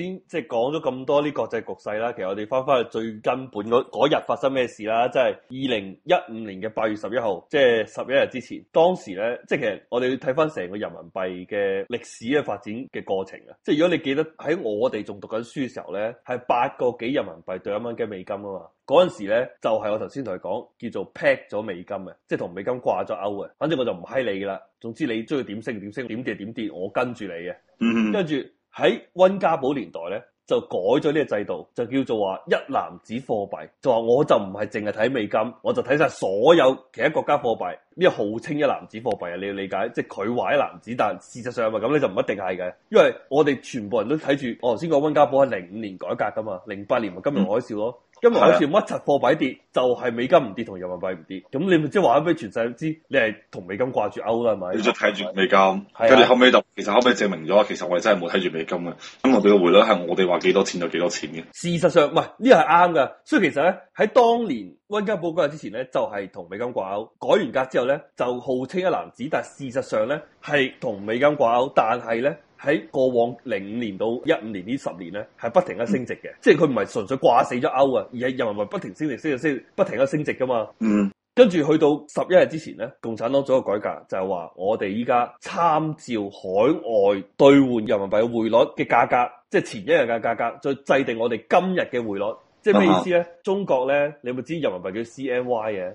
先即係講咗咁多啲國際局勢啦，其實我哋翻返去最根本嗰日發生咩事啦？即係二零一五年嘅八月十一號，即係十一日之前。當時咧，即係其實我哋要睇翻成個人民幣嘅歷史嘅發展嘅過程啊！即係如果你記得喺我哋仲讀緊書嘅時候咧，係八個幾人民幣兌一蚊嘅美金啊嘛。嗰陣時咧，就係、是、我頭先同你講，叫做 peg 咗美金嘅，即係同美金掛咗鈎嘅。反正我就唔閪你噶啦，總之你中意點升點升，點跌點跌，我跟住你嘅，跟住。喺温家寶年代咧，就改咗呢個制度，就叫做話一籃子貨幣，就話我就唔係淨係睇美金，我就睇晒所有其他國家貨幣，呢個號稱一籃子貨幣啊，你要理解，即係佢話一籃子，但事實上係咪咁咧就唔一定係嘅，因為我哋全部人都睇住，我頭先講温家寶係零五年改革噶嘛，零八年咪金融海嘯咯。嗯今日好似乜柒貨幣跌，就係、是、美金唔跌同人民幣唔跌。咁你咪即係話俾全世界知，你係同美金掛住鈎啦，係咪？你再睇住美金，跟住的後尾就其實後尾證明咗，其實我哋真係冇睇住美金嘅。咁我哋嘅匯率係我哋話幾多錢就幾多錢嘅。事實上唔係呢個係啱嘅。所以其實咧，喺當年温家寶嗰日之前咧，就係、是、同美金掛鈎。改完價之後咧，就號稱一籃子，但事實上咧係同美金掛鈎，但係咧。喺過往零五年到一五年呢十年咧，係不停嘅升值嘅，即係佢唔係純粹掛死咗歐啊，而係人民幣不停升值、升、升、升，不停嘅升值噶嘛。嗯，跟住去到十一日之前咧，共產黨做個改革，就係話我哋依家參照海外兌換人民幣匯率嘅價格，即係前一日嘅價格，再制定我哋今日嘅匯率。即係咩意思咧？嗯、中國咧，你會唔會知人民幣叫 CNY 嘅？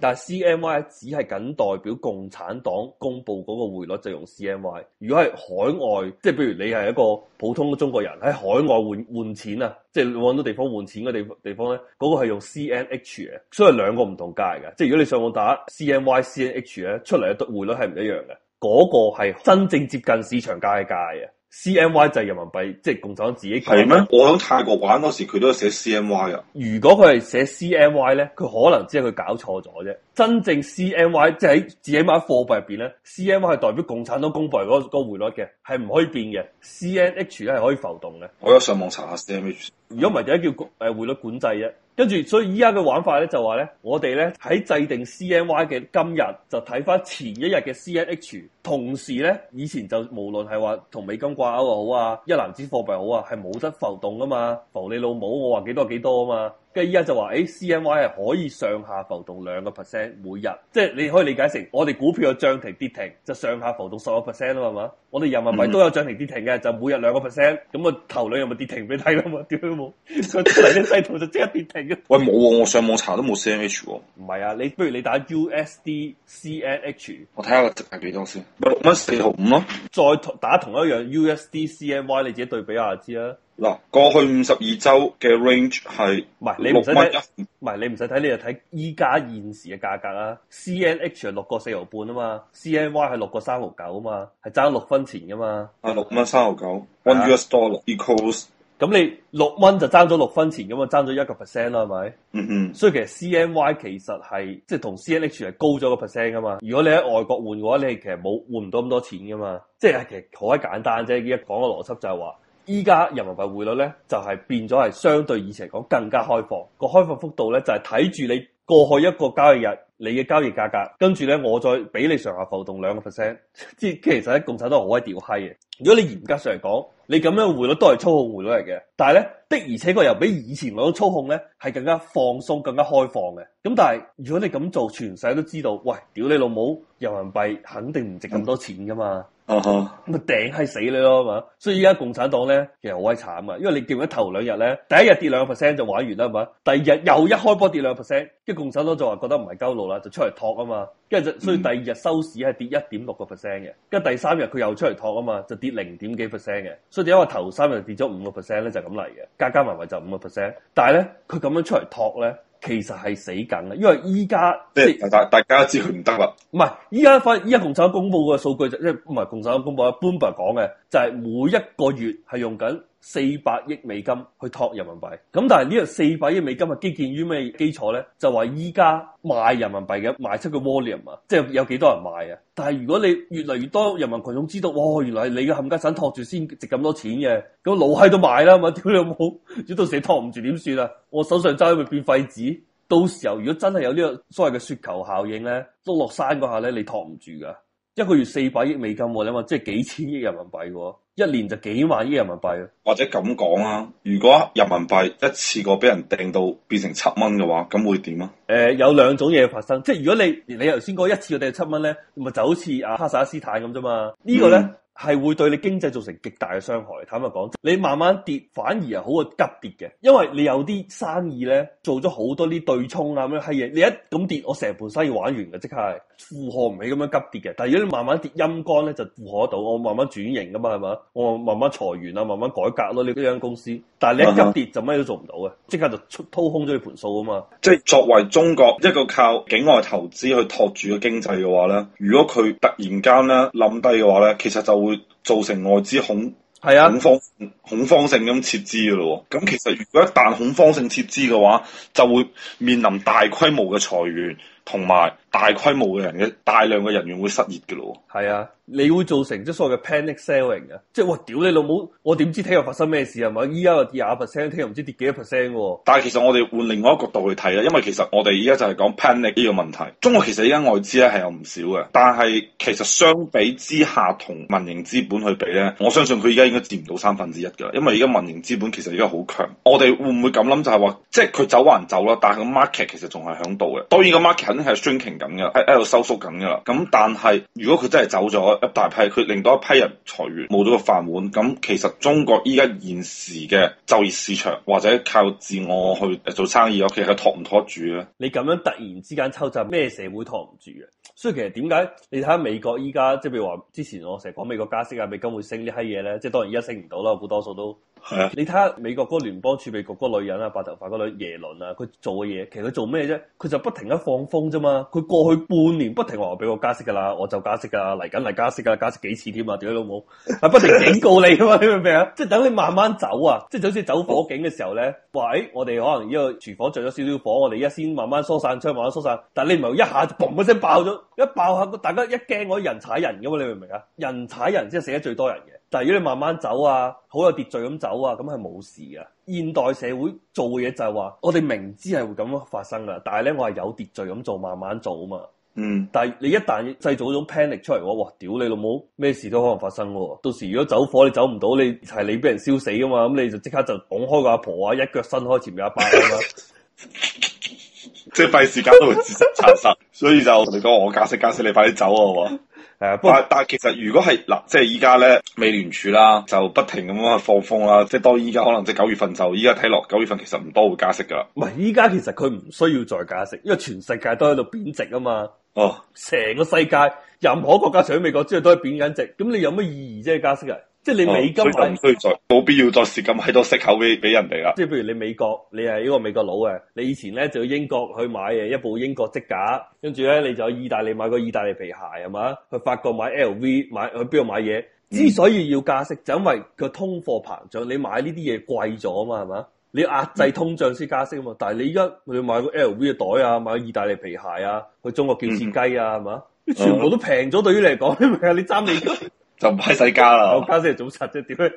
但係 CNY 只係僅代表共產黨公布嗰個匯率就用 CNY，如果係海外，即係比如你係一個普通嘅中國人喺海外換換錢啊，即係往到地方換錢嘅地地方咧，嗰、那個係用 CNH 嘅，所以係兩個唔同價嘅，即係如果你上網打 CNY、CNH 咧出嚟嘅匯率係唔一樣嘅，嗰、那個係真正接近市場價嘅 CNY 就係人民幣，即係共產黨自己。係咩？我喺泰國玩嗰時，佢都寫 CNY 啊。如果佢係寫 CNY 咧，佢可能只係佢搞錯咗啫。真正 CNY 即係喺自己買貨幣入邊咧，CNY 係代表共產黨公佈嗰個匯率嘅，係唔可以變嘅。CNH 係可以浮動嘅。我有上網查下 CNH。如果唔係，點解叫誒匯率管制啫？跟住，所以依家嘅玩法咧就話咧，我哋咧喺制定 CNY 嘅今日就睇返前一日嘅 CNH，同時呢，以前就無論係話同美金掛鈎又好啊，一籃子貨幣好啊，係冇得浮動㗎嘛，浮你老母，我話幾多就幾多啊嘛。咁依家就話，誒 CNY 係可以上下浮動兩個 percent 每日，即係你可以理解成我哋股票嘅漲停跌停就上下浮動十個 percent 啊嘛，我哋人民幣都有漲停跌停嘅，就每日兩個 percent，咁啊頭兩日咪跌停俾你睇咯嘛，點解冇？出嚟啲系統就即刻跌停嘅。喂，冇喎、啊，我上網查都冇 CNY 喎。唔係啊，你不如你打 USD CNH，我睇下個值係幾多先。六蚊四毫五咯。再打同一樣 USD CNY，你自己對比下就知啦。嗱，過去五十二周嘅 range 係六蚊，唔係你唔使睇，你就睇依家現時嘅價格啦。C N H 係六個四毫半啊嘛，C N Y 係六個三毫九啊嘛，係爭六分錢噶嘛。啊，六蚊三毫九，one US dollar equals 咁的你六蚊就爭咗六分錢，咁嘛，爭咗一個 percent 啦，係咪？嗯嗯哼。所以其實 C N Y 其實係即係同 C N H 係高咗個 percent 啊嘛。如果你喺外國換嘅話，你係其實冇換唔到咁多錢噶嘛。即係其實好鬼簡單啫，一講個邏輯就係話。依家人民幣匯率咧，就係、是、變咗係相對以前嚟講更加開放。個開放幅度咧，就係睇住你過去一個交易日你嘅交易價格，跟住咧我再俾你上下浮動兩個 percent。即係 其實共產黨好鬼屌閪嘅。如果你嚴格上嚟講，你咁樣匯率都係操控匯率嚟嘅。但係咧的而且確又比以前嗰種操控咧係更加放鬆、更加開放嘅。咁但係如果你咁做，全世界都知道，喂，屌你老母，人民幣肯定唔值咁多錢噶嘛。啊哈咁，啊頂係死你咯，係嘛，所以而家共產黨咧其實好鬼慘啊，因為你見咗頭兩日咧，第一日跌兩個 percent 就玩完啦，嘛， 第二日又一開波跌兩個 percent，即係共產黨就話覺得唔係鳩路啦，就出嚟托啊嘛，跟住就所以第二日收市係跌一點六個 percent 嘅，跟住第三日佢又出嚟托啊嘛，就跌零點幾 percent 嘅，所以點解話頭三日跌咗五個 percent 咧就咁嚟嘅，加加埋埋就五個 percent，但係咧佢咁樣出嚟托咧。其實係死緊嘅，因為依家大家知道唔得啦。唔係依家，反依家共產黨公布嘅數據就即係唔係共產黨公布 Bloomberg 講嘅就係、是、每一個月係用緊。四百億美金去托人民幣，咁但係呢個四百億美金啊，基建於咩基礎咧？就話依家賣人民幣嘅賣出嘅 volume 啊，即係有幾多人賣啊？但係如果你越嚟越多人民群眾知道，哇，原來你嘅冚家鏟托住先值咁多錢嘅，咁老喺度買啦，嘛屌你老母， 如果到時你托唔住點算啊？我手上揸咪變廢紙，到時候如果真係有呢個所謂嘅雪球效應咧，落山嗰下咧，你托唔住噶。一個月四百億美金，你話即係幾千億人民幣喎，一年就幾萬億人民幣啊！或者咁講啊。如果人民幣一次過俾人掟到變成七蚊嘅話，咁會點啊？誒、呃，有兩種嘢發生，即係如果你你頭先講一次過掟七蚊咧，咪就好似阿哈薩斯坦咁啫嘛？這個、呢個咧。嗯係會對你經濟造成極大嘅傷害。坦白講，你慢慢跌反而係好過急跌嘅，因為你有啲生意咧做咗好多啲對沖啊咁樣嘅嘢。你一咁跌，我成盤生意玩完嘅，即刻係負荷唔起咁樣急跌嘅。但係如果你慢慢跌，陰乾咧就負荷得到。我慢慢轉型噶嘛，係嘛？我慢慢裁員啊，慢慢改革咯你呢間公司。但係你一急跌就咩都做唔到嘅，即刻就掏空咗你盤數啊嘛。即係作為中國一個靠境外投資去托住個經濟嘅話咧，如果佢突然間咧冧低嘅話咧，其實就。會造成外資恐，係啊的，恐慌恐慌性咁撤資嘅咯。咁其實如果一旦恐慌性撤資嘅話，就會面臨大規模嘅裁員。同埋大規模嘅人嘅大量嘅人員會失業嘅咯，係啊，你會造成即係所謂嘅 panic selling 嘅，即係我屌你老母，我點知聽日發生咩事啊？係咪？依家廿 percent 聽日唔知跌幾多 percent 喎。啊、但係其實我哋換另外一個角度去睇咧，因為其實我哋依家就係講 panic 呢個問題。中國其實依家外資咧係有唔少嘅，但係其實相比之下同民營資本去比咧，我相信佢而家應該佔唔到三分之一㗎啦。因為而家民營資本其實而家好強，我哋會唔會咁諗就係、是、話、就是，即係佢走還走啦，但係個 market 其實仲係喺度嘅。當然個 market。係 shrinking 緊嘅，喺喺度收縮緊噶啦。咁但係如果佢真係走咗一大批，佢令到一批人裁員，冇咗個飯碗。咁其實中國依家現時嘅就業市場或者靠自我去做生意，我其實托唔托住咧？你咁樣突然之間抽走咩社會托唔住嘅？所以其實點解你睇下美國依家，即係譬如話之前我成日講美國加息啊，美金會升呢啲嘢咧，即係當然而家升唔到啦，好多數都。你睇下美國嗰個聯邦儲備局嗰個女人啊，白頭髮嗰女耶倫啊，佢做嘅嘢其實佢做咩啫？佢就不停喺放風啫嘛。佢過去半年不停話俾我加息噶啦，我就加息噶啦，嚟緊嚟加息噶啦，加息幾次添啊？屌你老母！係不停警告你噶嘛？你明唔明啊？即係等你慢慢走啊！即係就好似走火警嘅時候咧，喂、欸，我哋可能呢個廚房着咗少少火，我哋一先慢慢疏散出去，慢慢疏散。但係你唔係一下就嘣一聲爆咗，一爆一下，大家一驚，嗰人踩人噶嘛？你明唔明啊？人踩人先係死得最多人嘅。但係如果你慢慢走啊，好有秩序咁走啊，咁係冇事啊。現代社會做嘅嘢就係話，我哋明知係會咁樣發生噶，但係咧我係有秩序咁做，慢慢做啊嘛。嗯。但係你一旦製造嗰種 panic 出嚟嘅話，哇！屌你老母，咩事都可能發生喎。到時如果走火你走唔到，你係你俾人燒死啊嘛。咁你就即刻就拱開個阿婆啊，一腳伸開前面一班啊嘛。即係費時間都唔知生，所以就我我尋尋尋你講我駕駛駕駛，你快啲走啊嘛。好冇？誒，但但其實如果係嗱，即係依家咧，美聯儲啦就不停咁樣放風啦，即係當依家可能即係九月份就依家睇落九月份其實唔多會加息噶啦，唔係依家其實佢唔需要再加息，因為全世界都喺度貶值啊嘛，哦，成個世界任何國家除咗美國之外都係貶緊值，咁你有乜意義即係加息啊？即係你美金，唔需要再冇必要再蝕金喺度息口俾俾人哋啦。即係譬如你美國，你係呢個美國佬啊，你以前咧就去英國去買嘅一部英國積架，跟住咧你就去意大利買個意大利皮鞋係嘛？去法國買 LV，買去邊度買嘢？之所以要加息，嗯、就因為個通貨膨脹，你買呢啲嘢貴咗啊嘛係嘛？你壓制通脹先加息啊嘛。嗯、但係你而家你買個 LV 嘅袋啊，買個意大利皮鞋啊，去中國叫切雞啊係嘛？嗯、全部都平咗對於你嚟講，你咪你爭美金。 就唔係世家啦，我家先係早柒啫，屌你！